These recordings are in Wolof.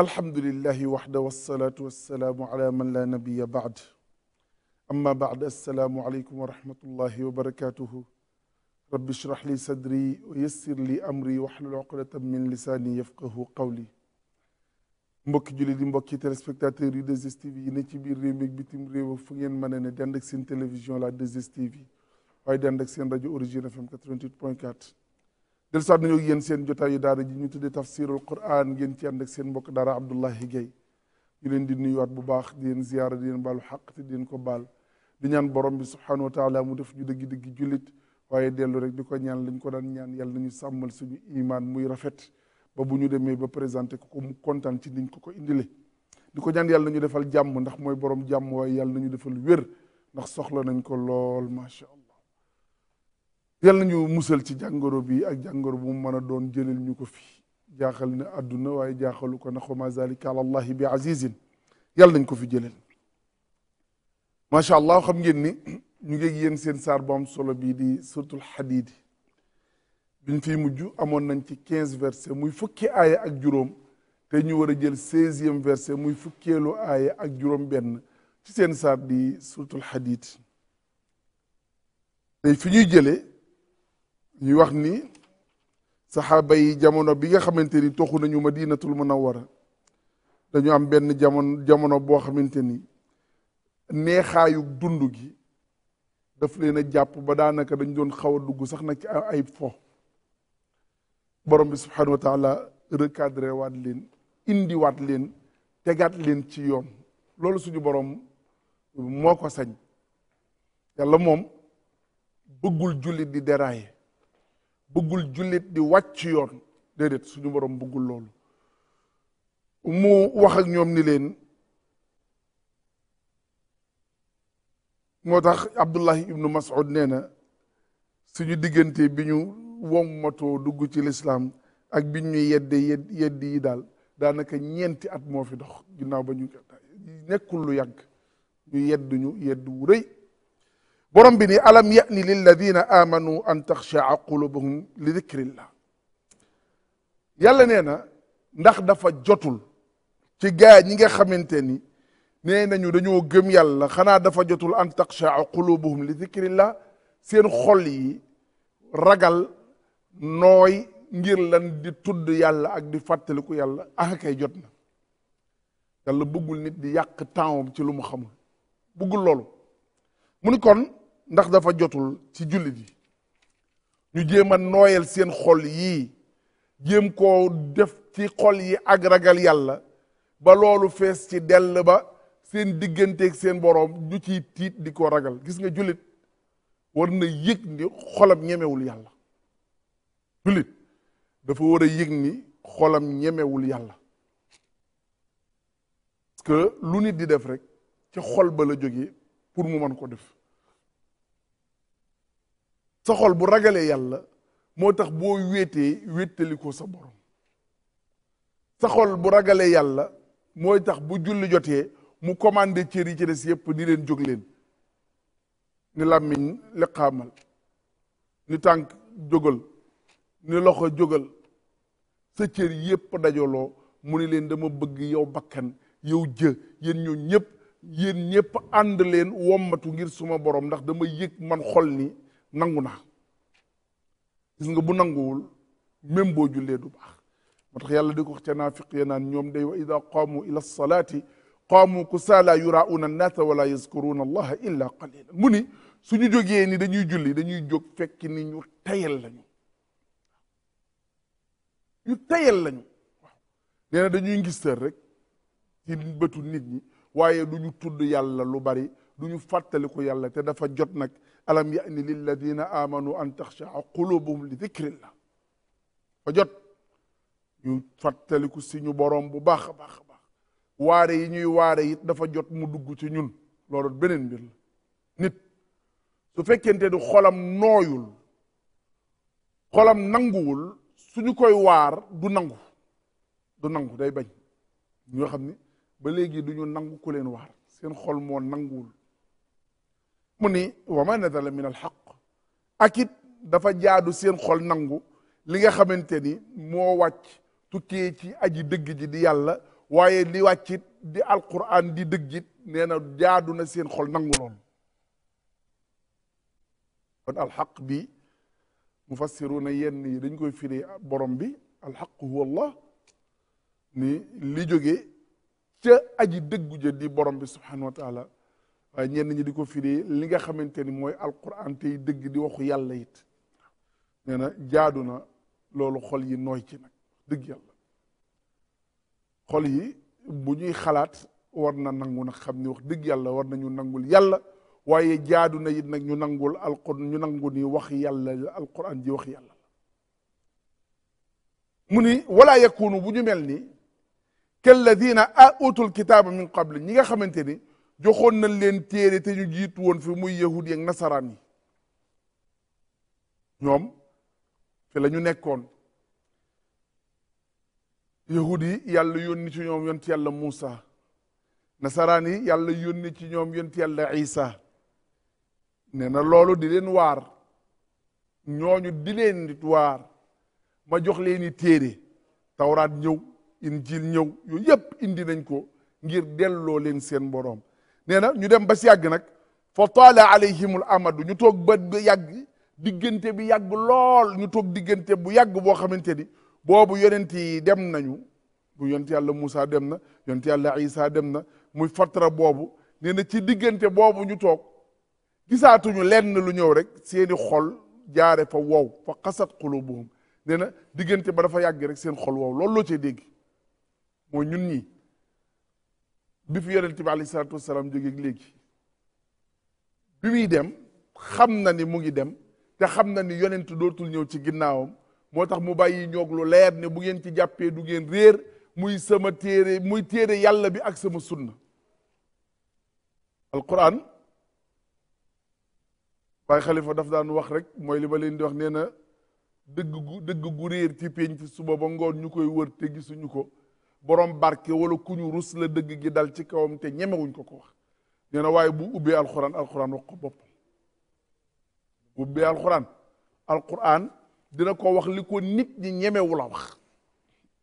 alhamdulillahi waxda wasalaatu wasalaamu ala man la nabiya baad amma baad assalaamu aleykum wa rahmatullahi wa barakatuhu rabbi shrah li sadri wa yassir li amri waxlul uqdatan min lisaani yafqahu qawli mbokki julli di mbokki téléspectateurs yu 2STV yi ne ci biir réew mi bitim réew fu ngeen mën a ne di ànd ak seen télévision la 2STV waaye di ànd ak seen rajo origine fm 88 point 4 del saat nañoo yéen seen jotaayu daara ji ñu tuddee tafsirul quran ngeen ci ànd ak seen mbokk daara Abdoulahi Gaye ñu leen di waat bu baax di leen ziyaara di leen baalu xaq te di leen ko baal di ñaan borom bi subhanahu wa taala mu def ñu dëgg dëgg jullit waaye dellu rek di ko ñaan lañ ko daan ñaan yàlla nañu sàmmal suñu imaan muy rafet ba bu ñu demee ba présenté ko ko mu kontaan ci niñ ko ko indile di ko ñaan yàlla nañu defal jàmm ndax mooy borom jàmm waaye yàlla nañu defal wér ndax soxla nañ ko lool macha yal nañu musal ci jàngoro bi ak jàngoro bu mu mën a doon jëlal ñu ko fi jaaxal na àdduna waaye jaaxalu ko ndax wa ma zalika ala allahi bi azizin yal nañ ko fi jëlal macha allah xam ngeen ni ñu ngi yéen seen saar bu solo bii di suratul xadiid biñ fi mujj amoon nañ ci quinze verset muy fukki aaya ak juróom te ñu war a jël seizième verset muy fukkeelu aaya ak juróom benn ci seen saar di suratul xadiid tey fi ñuy jëlee ñuy wax ni saxaaba yi jamono bi nga xamante ni toxu nañu ma madinatul munawwara dañu am benn jamono jamono boo xamante ni neexaayu dund gi daf leen a jàpp ba daanaka dañ doon xaw a dugg sax nag ci ay fo borom bi subhanahu wa taala recadré waat leen indiwaat leen tegaat leen ci yoon loolu suñu borom moo ko sañ yàlla moom bëggul jullit di dérailler bëggul jullit di wàcc yoon déedéet suñu borom bëggul loolu mu wax ak ñoom ni leen moo tax Abdullahi ibnu Mas'ud nee na suñu diggante bi ñu wommatoo dugg ci lislaam ak bi ñuy yedde yedd yi daal daanaka ñeenti at moo fi dox ginnaaw ba ñu nekkul lu yàgg ñu yedduñu yeddu wu rëy borom bi ni alam yani lilladina amanu an taxshaa qulubuhum li dikrillah yàlla nee na ndax dafa jotul ci gaa ñi nga xamante ni nee nañu dañoo gëm yàlla xanaa dafa jotul an taxshaa qulubuhum li dikrillah seen xol yi ragal nooy ngir lan di tudd yàlla ak di fàttaliku yàlla aka ah, kay jot na yàlla bëggul nit di yàq tempsam ci lumu mu xamul bëggul loolu kon ndax dafa jotul ci jullit yi ñu jéem a nooyal seen xol yii jéem koo def ci xol yi ak ragal yàlla ba loolu fees ci dell ba seen digganteeg seen boroom ñu ci tiit di ko ragal gis nga jullit war na yëg ni xolam ñemewul yàlla jullit dafa war a yëg ni xolam ñemewul yàlla parce lu nit di def rek ci xol ba la jógee pour mu mën ko def sa xol bu ragale yàlla moo tax boo wéetee wéttali sa borom sa xol bu ragale yàlla mooy tax bu julli jotee mu commandé cër yi ci des yëpp ni leen jóg leen ni làmmiñ liqaamal ni tànk jógal ni loxo jógal sa cër yépp dajaloo mu ni leen dama bëgg yow bakkan yow jë yéen ñoo ñëpp yéen ñëpp ànd leen wommatu ngir suma borom ndax dama yëg man xol ni nangu na gis nga bu nanguwul même boo jullee du baax moo tax yàlla di ko wax ca naafiq ya naan ñoom day wa ida qaamu ila salaati qaamu kusaala yuraa'uuna annaasa wala yazkuruuna allaha illa qalila mu ni suñu jógee ni dañuy julli dañuy jog fekk ni ñu tayal lañu ñu tayal lañu waaw nee na dañuy rek ci bëtu nit ñi waaye du ñu tudd yàlla lu bari du ñu fàttaliku yàlla te dafa jot nag alam yani lilladina amanu an taxshaa qulubuhum li dikrillah ba jot ñu fattaliku si ñu boroom bu baax a baax baax waare yi ñuy waare it dafa jot mu dugg ci ñun loolu beneen mbir la nit su fekkente ni xolam nooyul xolam nanguwul suñu koy waar du nangu du nangu day bañ ñoo xam ni ba léegi du ñu nangu ku leen waar seen xol moo nanguwul mu ni wa ma nazala min al xaq ak dafa jaadu seen xol nangu li nga xamante ni moo wàcc tukkee ci aji dëgg ji di yàlla waaye li wàccit di alquran di dëggit nee na jaadu na seen xol nangu loolu kon alxaq bi mufassiruna yenn yi dañ koy firi borom bi alxaq huwa allah ni li jóge ca aji dëggu ja di borom bi subhanahu wa waaye ñenn ñi di ko firi li nga xamante ni mooy alquran tey dëgg di waxu yàlla it nee na jaadu na loolu xol yi nooy ci nag dëgg yàlla xol yi bu ñuy xalaat war na nangu nag xam ni wax dëgg yàlla war nañu nangul yàlla waaye jaadu na it nag ñu nangul alquran ñu nangu ni wax yàlla alquran ji wax yàlla mu ni wala yakunu bu ñu mel ni kalladina utul kitaaba min qabl ñi nga xamante ni joxoon nañ leen téere te ñu jiitu woon fi muy yahud yeeg yi ñoom fi la ñu nekkoon yahud yi yàlla yónni ci ñoom yont yàlla Muusa nasaraan yi yàlla yónni ci ñoom yont yàlla Isa nee na loolu di leen waar ñooñu di leen waar ma jox leen i téere tawraat ñëw injil ñëw yooyu yépp indi nañ ko ngir delloo leen seen boroom nee na ñu dem ba si yàgg nag fa taala alayhimul amadu ñu toog bët ba yàgg diggante bi yàgg lool ñu toog diggante bu yàgg boo xamante ni boobu yonent yi dem nañu bu yonent yàlla Moussa dem na yonent yàlla Isa dem na muy fatra boobu nee ci diggante boobu ñu toog gisaatuñu lenn lu ñëw rek seeni xol jaare fa wow fa xasat xulubuhum nee na diggante ba dafa yàgg rek seen xol wow loolu loo cee dégg mooy ñun ñi bi fi yonent bi alayhi salaatu léegi bi muy dem xam na ni mu ngi dem te xam na ni yonent dootul ñëw ci ginnaawam moo tax mu bàyyi ñoog lu leer ne bu ngeen ci jàppee du ngeen réer muy sama téere muy téere yàlla bi ak sama sunna alquran waaye xalifa daf daan wax rek mooy li ma leen di wax nee na dëgg gu dëgg gu réer ci pénc ci suba ba ngoon ñu koy wër te gisuñu ko borom barke wala ku ñu rus la dëgg gi dal ci kawam te ñemewuñ ko ko wax nee na waaye bu ubbee alxuraan alxuraan wax ko boppam bu ubbee alxuraan alxuraan dina ko wax li ko nit ñi ñemewu la wax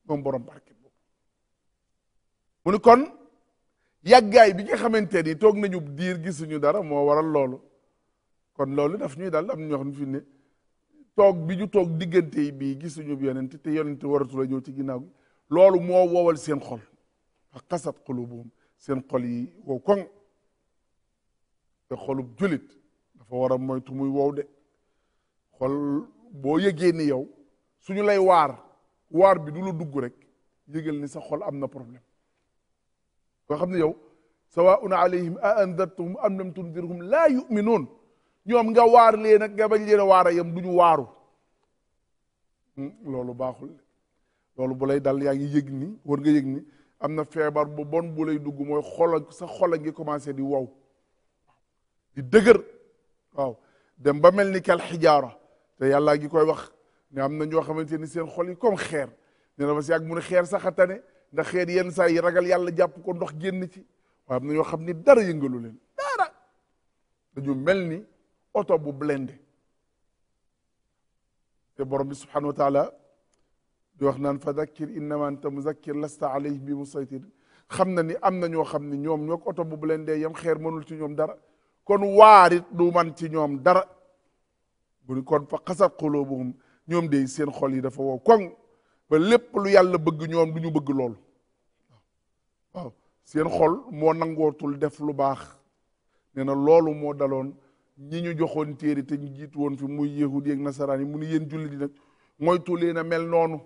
moom borom barke boobu mu kon yàggaay bi nga xamante ni toog nañu diir gisuñu dara moo waral loolu kon loolu daf ñuy dal am ñoo xam fi ne toog bi ñu toog diggante yi bii gisuñu yonent te yonent waratu la ñëw ci ginnaaw loolu moo wowal seen xol fa qasat qulubuhum seen xol yi wow koŋ te xolub julit dafa war a moytu muy wow de xol boo yëgee ni yow suñu lay waar waar bi du la dugg rek yëgal ni sa xol am na problème nga xam ne yow sawaun alayhim a andartahum am lam tundirhum laa yuminuun ñoom nga waar leen ak nga bañ leen a waar yam du ñu waaru hmm, loolu baaxul loolu bu lay dal yaa ngi yëg ni war nga yëg ni am na feebar bu bon bu lay dugg mooy xol ak sa xol a ngi commencé di waw di dëgër waaw dem ba mel ni kel xijaara te yàlla ngi koy wax ne am na ñoo xamante ni seen xol yi comme xeer ne dafa si yàgg mu ne xeer sax a tane ndax xeer yenn saa yi ragal yàlla jàpp ko ndox génn ci waaye am na ñoo xam ni dara yëngalu leen dara dañu mel ni oto bu blindé te borom bi subhanahu wa di wax naan fa dakkir innama anta muzakkir lasta alayhi bi musaytir xam na ni am na ñoo xam ni ñoom ñoo oto bu leen dee yem xeer mënul ci ñoom dara kon waarit du man ci ñoom dara bu ni kon fa bu xulubuhum ñoom de seen xol yi dafa wow koŋ ba lépp lu yàlla bëgg ñoom du ñu bëgg lool waaw seen xol moo nangootul def lu baax nee na loolu moo daloon ñi ñu joxoon téere te ñu jiitu woon fi muy yahudi ak nasaraan yi mu ni yéen jullit yi nag moytu leen a noonu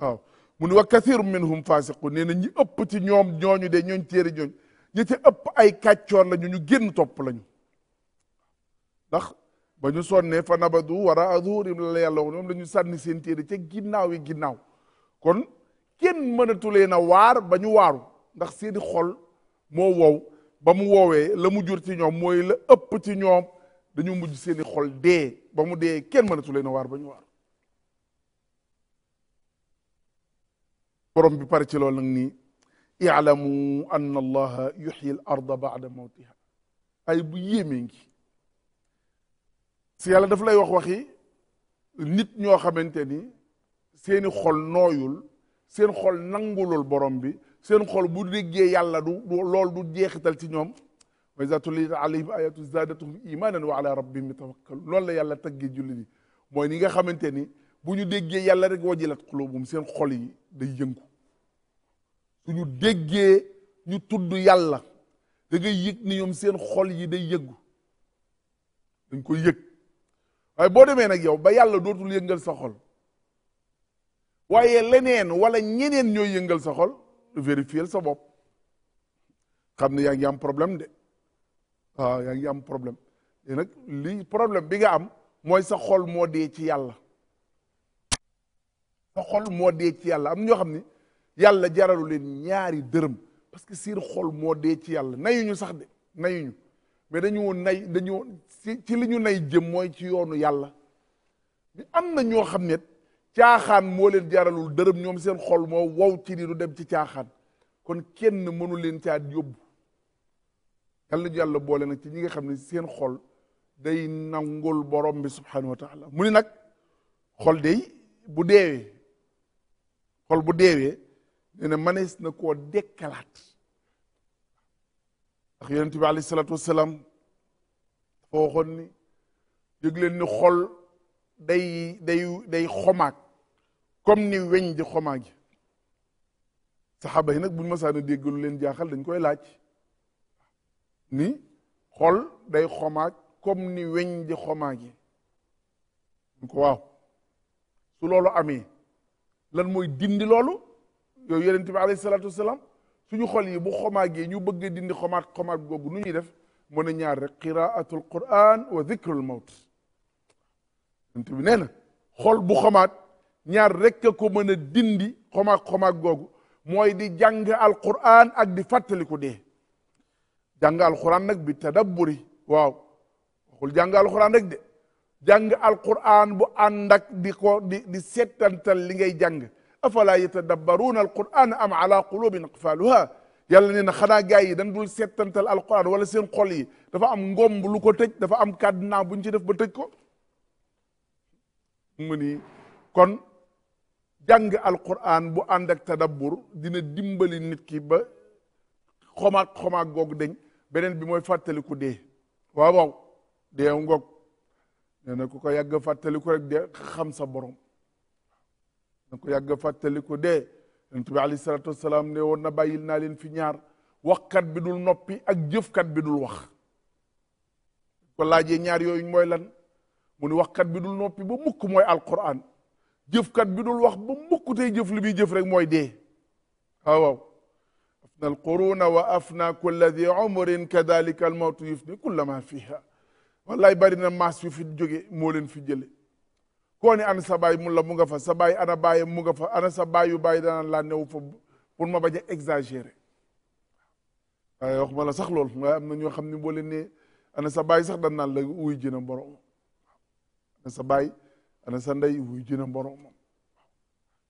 waaw mu ne wa kathiru minhum fasiqun nee na ñi ëpp ci ñoom ñooñu de ñooñ téere ñooñu ñi ci ëpp ay kàccoor lañu ñu génn topp lañu ndax ba ñu sonnee fa nabadu wara zuhurim la la yàlla wax ñoom la ñu sànni seen téere ca ginnaaw yi ginnaaw kon kenn mënatuleen a waar ba ñu waaru ndax seeni xol moo wow ba mu woowee la mu jur ci ñoom mooy la ëpp ci ñoom dañu mujj seeni xol dee ba mu dee kenn mënatuleen a waar ba ñu waaru borom bi pare ci loolu nag nii i'lamu anna allaha yuxyi al arda ba'da ay bu yéemee ngi si yàlla daf lay wax waxi nit ñoo xamante ni seeni xol nooyul seen xol nangulul borom bi seen xol bu déggee yàlla du lool du jeexital ci ñoom wa iza tuliyat alayhim ayatu zaadathum imanan wa ala rabbihim yatawakkalun loolu la yàlla taggee julli ni mooy ni nga xamante ni bu ñu déggee yàlla rek wajilat qulubuhum seen xol yi day yëngu suñu déggee ñu tudd yàlla da ngay yëg ni ñoom seen xol yi day yëggu dañ ko yëg waaye boo demee nag yow ba yàlla dootul yëngal sa xol waaye leneen wala ñeneen ñooy yëngal sa xol vérifier sa bopp xam ne yaa ngi am problème de waaw ah, yaa ngi am problème te nag li problème bi nga am mooy sa xol moo dee ci yàlla sa xol moo dee ci yàlla am ñoo xam ni yàlla jaralu leen ñaari dërëm parce que seen xol moo dee ci yàlla nayuñu sax de nayuñu mais dañu nay dañu ci li ñu nay jëm mooy ci yoonu yàlla mais am na ñoo xam ne caaxaan moo leen jaralul dërëm ñoom seen xol moo wow ci ni du dem ci caaxaan kon kenn mënu leen caa yóbbu yàlla ñu yàlla boole nag ci ñi nga xam ne seen xol day nangul borom bi subhanahu wa taala mu ni nag xol day bu deewee xol bu deewee nee manees na koo dekkalaat ndax yonent bi alayhi salaatu wasalaam dafa ni yëg leen ni xol day day day xomaag comme ni weñ di xomaag yi saxaaba yi nag buñu masaana dégg lu leen jaaxal dañ koy laaj ni xol day xomaag comme ni weñ di xomaag yi ñu ko waaw su loolu amee lan mooy dindi loolu yow yonent bi alayhi salaatu wasalaam suñu xol yi bu xomaagee ñu bëgg dindi xomaat xomaat googu nu ñuy def mën a ñaar rek qiraatul quran wa dhikrul mawt yonent bi nee na xol bu xomaat ñaar rek a ko mën a dindi xomaat xomaat googu mooy di jàng alquran ak di fàttaliku dee jàng alquran nag bi tadabburi waaw waxul jàng alquran rek de jàng alquran bu ànd di ko di di seetantal li ngay jàng afala yatadabbaruuna alquran am ala qulubin aqfaluha yàlla nee na xanaa gars yi dañ dul settantal alquran wala seen xol yi dafa am ngomb lu ko tëj dafa am cadenas bu ñu ci def ba tëj ko mu kon jàng alquran bu ànd ak tadabbur dina dimbali nit ki ba xomaag xomaag goog deñ beneen bi mooy fàttaliku dee waaw waaw ngoog nee na ko yàgg fàttaliku rek de xam sa borom na ko yàgg fàttaliku dee yonent bi alayhi salaatu wasalaam ne woon na bàyyil naa leen fi ñaar waxkat bi dul noppi ak jëfkat bi dul wax ko laajee ñaar yooyu mooy lan mu ni waxkat bi dul noppi ba mukk mooy alquran jëfkat bi dul wax ba mukk tey jëf li muy jëf rek mooy dee waaw waaw afna alquruna wa afna kulla di umrin kadalika almawtu yufni kulla ma fiha wallaay bari na maas yu fi jóge moo leen fi jële koo ne ana sa baay mun la mu nga fa sa baay ana baay mu nga fa ana sa baayu baay danaan laa new fa pour ma bañ a exagérer waaye ma la sax lool waaye am na ñoo xam ne boo leen ne ana sa baay sax dan naan la wuy jëna borom ana sa sa ndey wuy jëna borom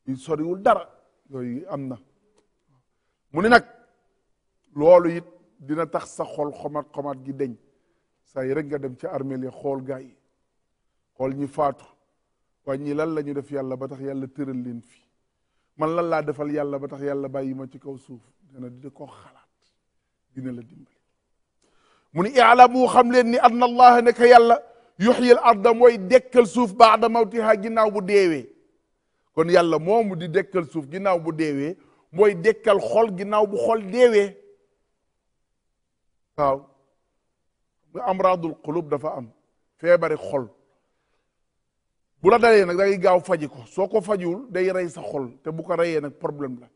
yi soriwul dara yooyu am na mu ni nag loolu it dina tax sa xool xomat xomat gi deñ saa yi rek nga dem ci armeel yi xool gaa yi xool ñi faatu waaye ñii lan la ñu def yàlla ba tax yàlla tëral leen fi man lan laa defal yàlla ba yàlla bàyyi ma ci kaw suuf dana di koo xalaat dina la dimbali mu ni i'lamu xam leen ni anna allaha nekk yàlla yuxyil arda mooy dekkal suuf baada mawtiha ginnaaw bu deewee kon yàlla moom di dekkal suuf ginnaaw bu deewee mooy dekkal xol ginnaaw bu xol deewee waaw nga amradul qulub dafa am feebari xol bu la dalee nag da ngay gaaw faji ko soo ko fajiwul day rey sa xol te bu ko reyee nag problème la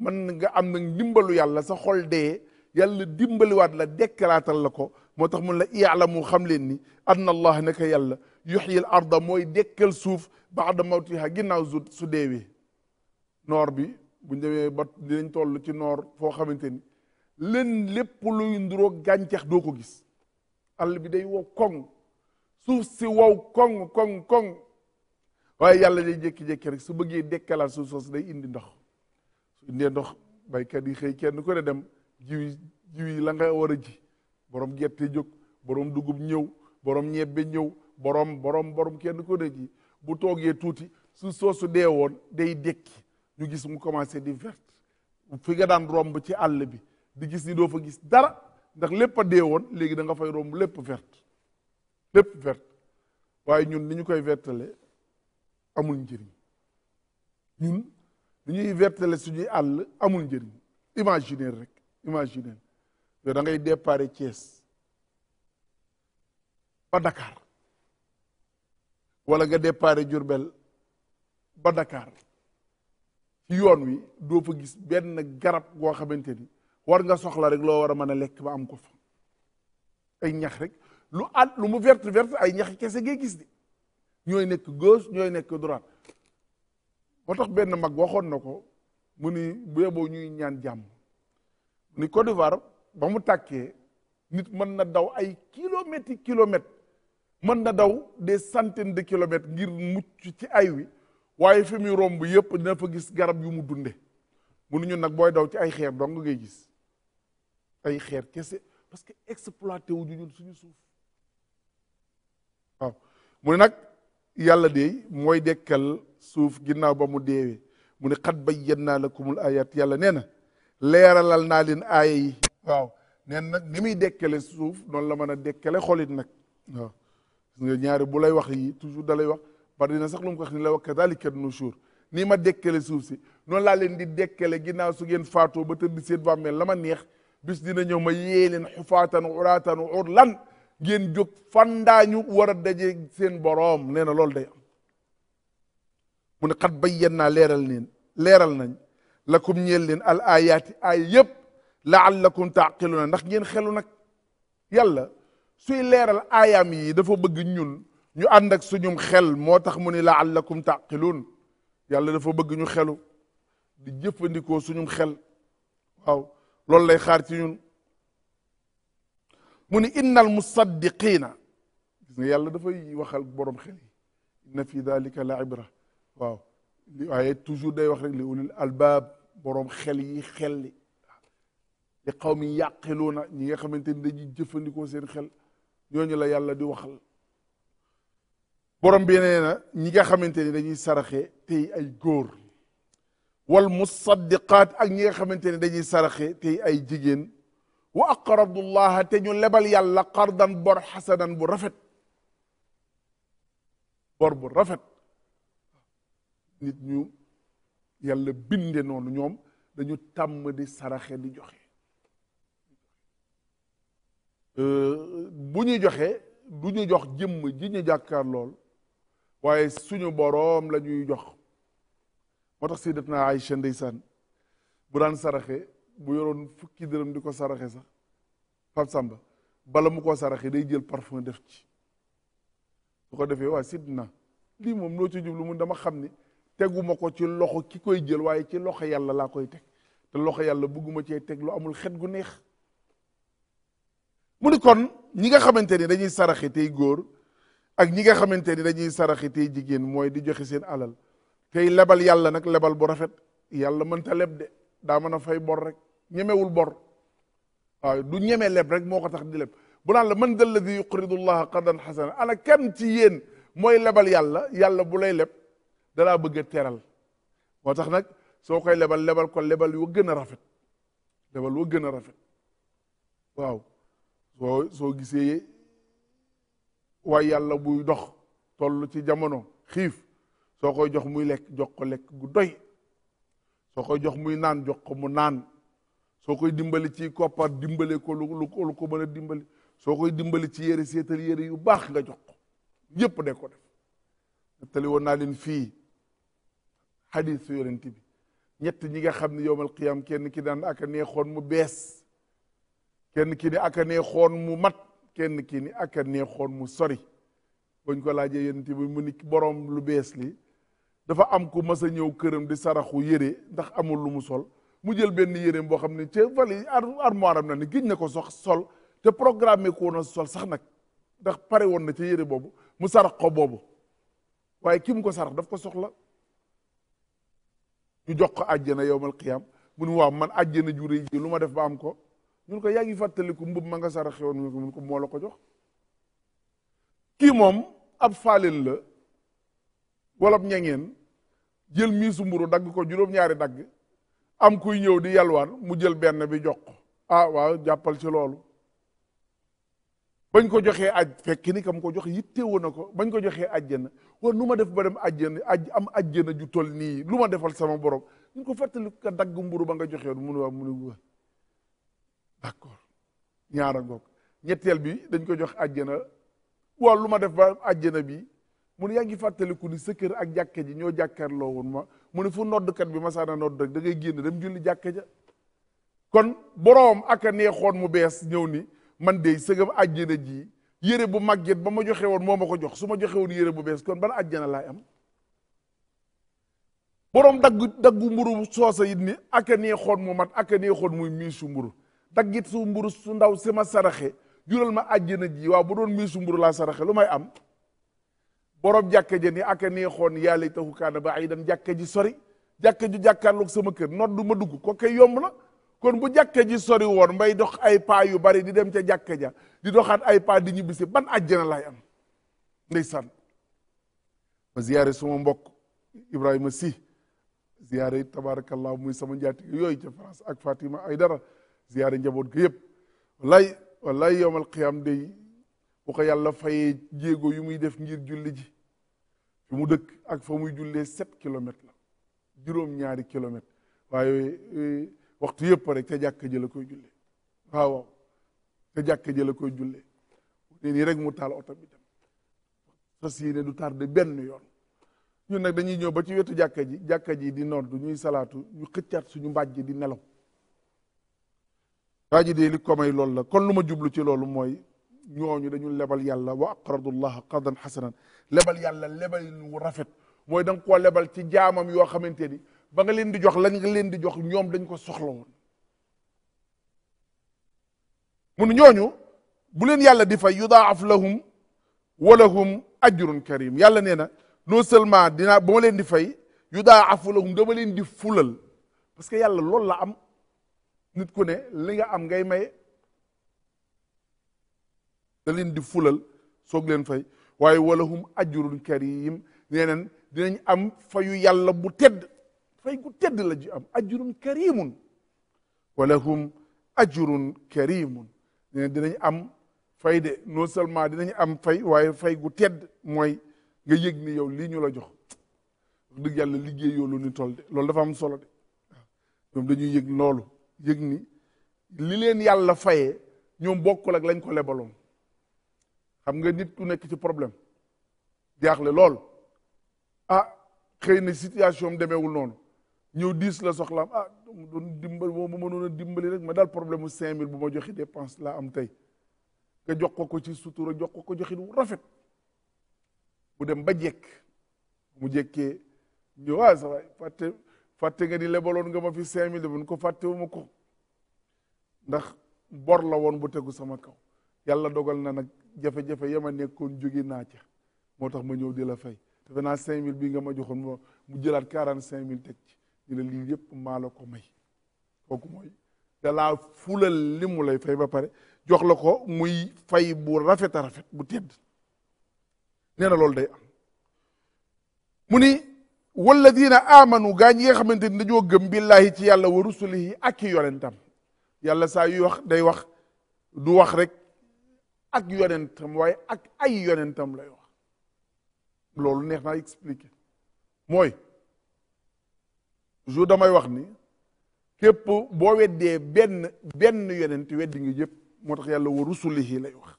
mën nga am nag ndimbalu yàlla sa xol dee yàlla dimbaliwaat la dekkalaatal la ko moo tax mun la i'lamu xam leen ni anna allah naka yàlla yuxyil arda mooy dekkal suuf baada mawtiha ginnaaw su su deewee noor bi bu demee ba dinañ toll ci noor foo xamante ni leen lépp luy nduroo gàncax doo ko gis àll bi day wow koŋ suuf si wow koŋ koŋ koŋ waaye yàlla day jékki-jékki rek su bëggee dekkalaat su soosu day indi ndox su indee ndox baykat yi xëy kenn ku dem jiw yi jiw yi la nga war a ji borom gerte jóg borom dugub ñëw borom ñebbe ñëw borom borom borom kenn ku ne ji bu toogee tuuti su soosu dee woon day dekki ñu gis mu commencé di verte fi nga daan romb ci àll bi di gis ni doo fa gis dara ndax lépp a dee woon léegi da nga fay romb lépp verte lépp verte waaye ñun ni ñu koy vertale amul njëriñ ñun lu ñuy vertele suñuy àll amul njëriñ imaginer rek imaginer yow da ngay dépare Thiès ba Dakar wala nga dépare Diourbel ba Dakar ci yoon wi doo fa gis benn garab goo xamante ni war nga soxla rek loo war a mën a lekk ba am ko fa ay ñax rek lu àll lu mu verte verte ay ñax kese ngay gis de ñooy nekk gauche ñooy nekk droite moo tax benn mag waxoon na ko mu ni bu yeboo ñuy ñaan jàmm ni Côte ba mu takkee nit mën na daw ay kilomètres yi kilomètres mën na daw des centaines de kilomètres ngir mucc ci ay wi waaye fi muy romb yëpp dina fa gis garab yu mu dunde mënuñu nag booy daw ci ay xeer dong gay gis ay xeer kese parce que exploité wu suñu suuf mu ne nag yàlla de mooy dekkal suuf ginnaaw ba mu deewee mu ne xat bayyannaa lakumul ayat yàlla nee na leeralal naa leen aaya yi waaw neen nag ni muy dekkale suuf noonu la mën a dekkale xolit nag waaw nga bu lay wax yi toujours da lay wax bari dina sax lu mu ko wax ni la wa kadalika nushur nii ma dekkale suuf si noon laa leen di dekkale ginnaaw su ngeen faatoo ba tëdd seen bàmmeel la ma neex bis dina ñëw ma yee leen xufaatan uraatan urlan ngeen jóg fandaañu war a daje seen boroom nee na loolu day am mu ne xat bayyan naa leeral neen leeral nañ lakum ñeel leen al ayaati ay yëpp laallakum taqiluna ndax ngeen xelu nag yàlla suy leeral aayaam yi dafa bëgg ñun ñu ànd ak suñum xel moo tax mu ni laallakum taqilun yàlla dafa bëgg ñu xelu di jëfandikoo suñum xel waaw loolu lay xaar ñun mu ni innal musaddiqina gis nga yàlla dafay waxal borom xel yi inna fi dalika la ibra waaw li waaye toujours day wax rek li ulil albaab borom xel yi xel li li qawmi yaqiluuna ñi nga xamante ni dañuy jëfandikoo seen xel ñooñu la yàlla di waxal borom bi nee na ñi nga xamante ni dañuy saraxe tey ay góor wal musaddiqaat ak ñi nga xamante ne dañuy saraxe tey ay jigéen wa aqradu llaha te ñu lebal yàlla qardan bor xasanan bu rafet bor bu rafet nit ñu yàlla binde noonu ñoom dañu tàmm di saraxe di joxe euh, bu ñu joxe du ñu jox jëmm ji ñu jàkkaar lool waaye suñu boroom la ñuy jox moo tax sayyidatna Aïcha ndeysaan bu daan saraxe bu yoroon fukki dërëm di ko saraxe sax Pape Samba bala mu koo saraxe day jël parfum def ci su ko defee waa sidna lii moom loo ci jublu mun dama xam ni teguma ko ci loxo ki koy jël waaye ci loxo yàlla laa koy teg te loxo yàlla bëgguma cee teg lu amul xet gu neex mu ni kon ñi nga xamante ni dañuy saraxe tey góor ak ñi nga xamante ni dañuy saraxe tey jigéen mooy di joxe seen alal tey lebal yàlla nag lebal bu rafet yàlla mënta leb de daa mën a fay bor rek ñemewul bor waaw du ñeme leb rek moo ko tax di leb bu naan la man dal ladi yuqridu llaha qardan xasana ana kenn ci yéen mooy lebal yàlla yàlla bu lay leb dalaa bëgg teral moo tax nag soo koy lebal lebal ko lebal gën a rafet lebal gën a rafet waaw soo soo gisee waaye yàlla buy dox toll ci jamono xiif soo koy jox muy lekk jox ko lekk gu doy soo koy jox muy naan jox ko mu naan soo koy dimbali ci koppar dimbalee ko lu ko lu ko mën a dimbali soo koy dimbali ci yére seetal yére yu baax nga jox yépp de ko def nettali woon naa leen fii xadis su yonent bi ñett ñi nga xam ne yowmal qiyaam kenn ki daan aka neexoon mu bees kenn ki ni aka neexoon mu mat kenn ki ni aka neexoon mu sori bañ ko laajee yonent bi mu ni borom lu bees li dafa am ku mas a ñëw këram di saraxu yére ndax amul lu mu sol mu jël benn yéree boo xam ne ci vali armoire am na ni gis na ko sox sol te programme ko woon sol sax nag ndax pare woon na ci yére boobu mu sarax ko boobu waaye ki mu ko sarax daf ko soxla ñu jox ko àjjana yowmal qiyaam mu ne waaw man àjjana ju rëy ji lu ma def ba am ko ñun ko yaa ngi fàttaliku mbub ma nga saraxe woon mun ko moo ko jox kii moom ab faalel la wala ñangeen jël miisu mburu dagg ko juróom-ñaari dagg am kuy ñëw di yalwaan mu jël benn bi jox ko ah waaw jàppal ci loolu bañ ko joxee aj fekki ni kam ko jox yittewu na ko bañ ko joxee ajjana war nu ma def ba dem ajjana aj am ajjana ju tol nii lu ma defal sama borom ñu ko fàttali ka mburu ba nga joxee mu ne waa mu ne waa ñaara ngoog ñetteel bi dañ ko jox ajjana waaw lu ma def ba ajjana bi mu ne yaa ngi fàttaliku ni sa ak jàkke ji ñoo jàkkaarloo woon ma mu ne fu noddkat bi masaana nodd rek da ngay génn dem julli jàkka ja kon boroom ak a neexoon mu bees ñëw ni man de sëgam àjjana ji yére bu màgget ba ma joxe woon moo ma ko jox su ma joxe woon yére bu bees kon ban àjjana laay am boroom daggu daggu mburu soosa it ni ak a neexoon mu mat ak a neexoon muy miisu mburu daggit su mburu su ndaw si ma saraxe jural ma àjjana ji waaw bu doon miisu mburu laa saraxe lu may am borom jàkka ja ni aka neexoon yàlla yi taxu kaana ba ay dan jàkka ji sori jàkka ju jàkkaarloog sama kër noddu ma dugg ko kay yomb la kon bu jàkka ji sori woon mbay dox ay pas yu bari di dem ca jàkka ja di doxaat ay paa di ñibbisi ban àjjana lay am ndeysaan ma ziyaare suma mbokk Ibrahima si ziyaare tabaarakallah muy sama njaatige yooyu ca France ak Fatima ay dara ziyaare njaboot gi yëpp wallaay wallaay yowmal qiyaam day bu ko yàlla fayee jéego yu muy def ngir julli ji fi mu dëkk ak fa muy jullee sept kilomètres la juróom-ñaari kilomètres waaye e, waxtu yëpp rek te jàkk ji la koy jullee waaw waaw te jàkk ji la koy jullee ne nii rek mu taal oto bi dem benn yoon ñun nag dañuy ñëw ba ci wetu jàkka ji jàkka ji di nodd ñuy salaatu ñu xëccaat suñu mbàjj di nelaw waa ji dee li ko may loolu la kon lu ma jublu ci loolu mooy ñooñu dañu lebal yàlla wa aqradu llaha qardan xasanan lebal yàlla lebal wu rafet mooy da nga lebal ci jaamam yoo xamante ni ba nga leen di jox la nga leen di jox ñoom dañ ko soxla woon mun ñooñu bu leen yàlla di fay yu yudaaf lahum wa lahum ajrun karim yàlla nee na non seulement dinaa ba ma leen di fay yudaafu lahum dama leen di fulal parce que yàlla loolu la am nit ku ne li nga am ngay may da di fulal soog leen fay waaye walahum ajrun karim neeneen dinañ am fayu yàlla bu tedd fay gu tedd la ji am ajrun karimun walahum ajrun karimun neeneen dinañ am fay de non seulement dinañ am fay waaye fay gu tedd mooy nga yëg ni yow lii ñu la jox wax dëgg yàlla liggéey yoo ni toll de loolu dafa am solo de ñoom dañuy yëg noolu yëg ni li leen yàlla faye ñoom bokkul ak lañ ko lebaloon xam nga nit ku nekk ci problème jaaxle lool ah xëy na situation am demeewul noonu ñëw diis la soxlaam ah mu doon dimbali moom mu mënoon dimbali rek ma daal problème mu cinq mille bu ma joxe dépense laa am tay nga jox ko ko ci sutura jox ko joxi joxin wu rafet mu dem ba jekk mu jekkee ñëw ah sa waay fàtte nga ni lebaloon nga ma fi cinq mille bu ko ma ko ndax bor la woon bu tegu sama kaw yàlla dogal na nag jafe-jafe yama nekkoon jóge naa ca moo tax ma ñëw di la fay defe naa cinq mille bii nga ma joxoon mo mu jëlaat quarante cinq mille teg ñu ne lii yëpp maa la ko may kooku mooy dalaa fulal li mu lay fay ba pare jox la ko muy fay bu rafeta rafet bu tedd nee na loolu day am mu ni walladina amanu gaa ñi nga xamante ni dañoo gëm billaahi ci yàlla wa rusulihi ak i yàlla saa yuy wax day wax du wax rek ak yonentam waaye ak ay yonentam lay wax loolu neex naa expliquer mooy jour damay wax ni képp boo weddee benn benn yonent weddi nga yëpp moo tax yàlla wa rusulihi lay wax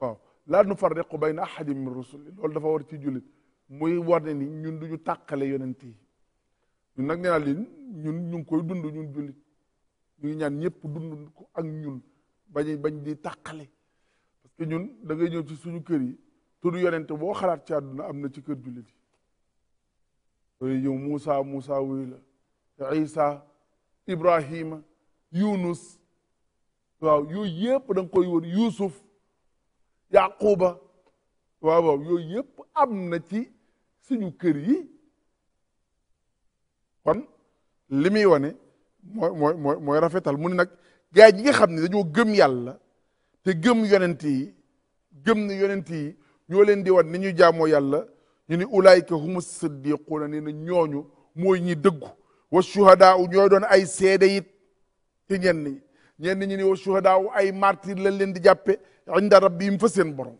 waaw laa nufarriqu bayna ahadin mu rusuli loolu dafa war ci jullit muy war ne ni ñun duñu tàqale yonent yi ñun nag nee naa leen ñun ñu ngi koy dund ñun jullit ñu ngi ñaan ñëpp dund ko ak ñun bañ bañ di tàqale parce que ñun da ngay ñëw ci suñu kër yi tudd yonente boo xalaat ci àdduna am na ci kër jullit yi yooyu ñëw Moussa Moussa wuyu la Isa Ibrahima Yunus waaw yooyu yëpp da koy wër Yuusuf Yaquba waaw waaw yooyu yëpp am na ci suñu kër yi kon li muy wane mooy mooy mooy rafetal mu ne nag gaa yi nga xam ni dañoo gëm yàlla te gëm yonent yi gëm ne yonent yi ñoo leen di wan ni ñu jaamoo yàlla ñu ni ulaayka humu siddiquuna nee na ñooñu mooy ñi dëggu wa shuhadaa ñooy doon ay seede it te ñenn ñi ñenn ñi ni wa shuhadaa ay martir lañ leen di jàppe inda rabbihim fa seen borom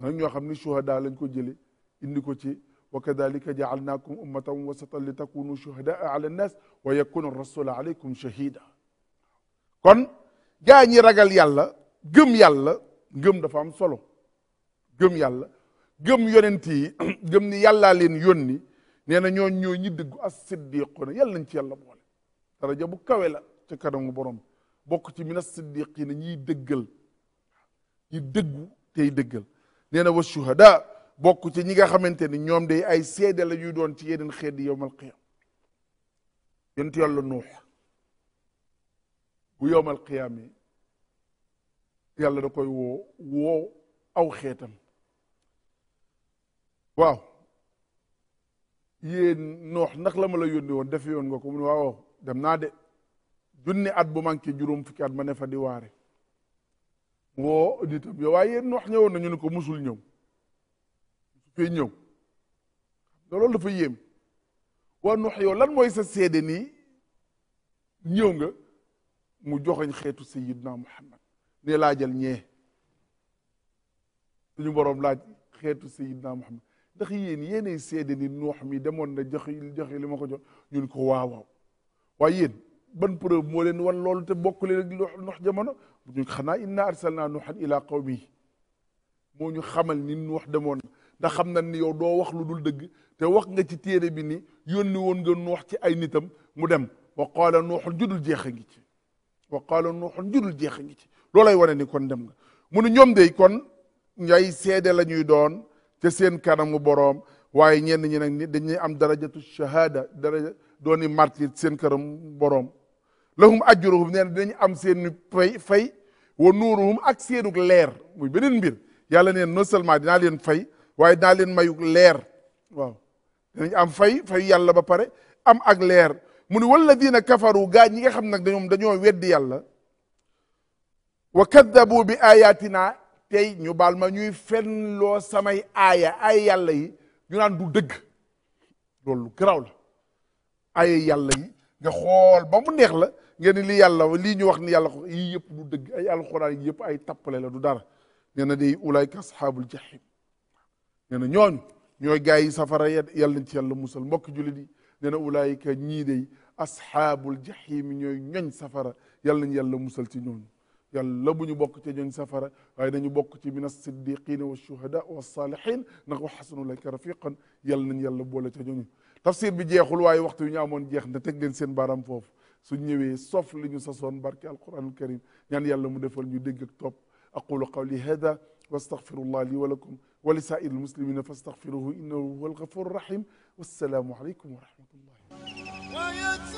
nag ñoo xam ni shuhadaa lañ ko jële indi ko ci wa kadalika jaalnaakum ummatan wasatan li takunu shuhadaa ala nnas wa yakuna rasula alaykum shahida kon gaa ñi ragal yàlla gëm yàlla gëm dafa am solo gëm yàlla gëm yonent yi gëm ni yàllaa leen yónni nee na ñoo ñoo ñi dëggu as-siddiquna yàlla nañ ci yàlla boole daraja bu kawe la ca kanamu borom bokk ci mina siddiqina ñiy dëggal ñi dëggu tey dëggal nee na wa daa bokk ci ñi nga xamante ni ñoom de ay seede lañuy doon ci yeneen xeet yi yowmal qiyaama yonent yàlla nuux bu yowmal qiyaam yi yàlla da koy woo woo aw xeetam waaw yéen noox ndax la ma la yónni woon defe yoon nga ko mu ne waaw dem naa de junni at bu manqué juróom fukki at ma ne fa di waare woo nitam yow waaye yéen noox ñëwoon na ñu ne ko musul ñëw su fee ñëw loolu dafa yéem waa noox yow lan mooy sa seede nii ñëw nga mu joxoñ xeetu sayidna muhammad ne laajal ñee suñu boroom laaj xeetu sayidna muhammad ndax yéen yéenay seede ni noox mi demoon na joxe joxe li ma ko jox ñun ko waaw waaw waaye ban preuve moo leen wan loolu te bokkulee leen ak noox jamono ñun xanaa inna arsalna nuuxan ila qawmihi moo ñu xamal ni noox demoon na ndax xam na ni yow doo wax lu dul dëgg te wax nga ci téere bi ni yónni woon nga noox ci ay nitam mu dem wa qaala nooxun judul jeex a ngi ci wa qaala nuuxun judul jeex a ngi ci loolay wane ni kon dem nga mu ñoom dey kon ngay seede la ñuy doon te seen kanamu boroom waaye ñenn ñi nag ni dañuy am darajatu shahada daraja dooni martir seen kanam boroom lahum ajruhum nee dañu am seen fay fay wa nuuruhum ak seenug leer muy beneen mbir yàlla neen non seulement dinaa leen fay waaye dinaa leen mayug leer waaw dinañ am fay fay yàlla ba pare am ak leer mu ne walladina kafaru gaa ñi nga xam nag dañoom dañoo weddi yàlla wa kaddabu bi ayatina tey ñu baal ma ñuy fen loo samay aaya ay yàlla yi ñu naan du dëgg loolu garaaw la ay yàlla yi nga xool ba mu neex la ngeen li yàlla yàlla lii ñu wax ni yàlla ko yii yëpp du dëgg ay alxuraan yi yëpp ay tappale la du dara nee na day ulaayka asxaabul jahim nee ñooñu ñooy gaa yi safara yàlla ci yàlla musal mbokk jullit yi nee na ulaayika ñii day asxaabul jaxiim ñooy ñoñ safara yàlla nañ yàlla musal ci ñooñu yàlla bu ñu bokk ci ñooñ safara waaye nañu bokk ci min alsiddiqina walshuhada walsalihin ndax wa xasanu ulaayika rafiqan yàlla nañ yàlla boole ca ñooñu tafsir bi jeexul waaye waxtu yu ñu amoon jeex na teg leen seen baaraam foofu suñ ñëwee sof li ñu sasoon barke alquranul karim ñaan yàlla mu defool ñu dégg ak topp aqulu qawli hada واستغفر الله لي ولكم ولسائر المسلمين فاستغفروه انه هو الغفور الرحيم والسلام عليكم ورحمة الله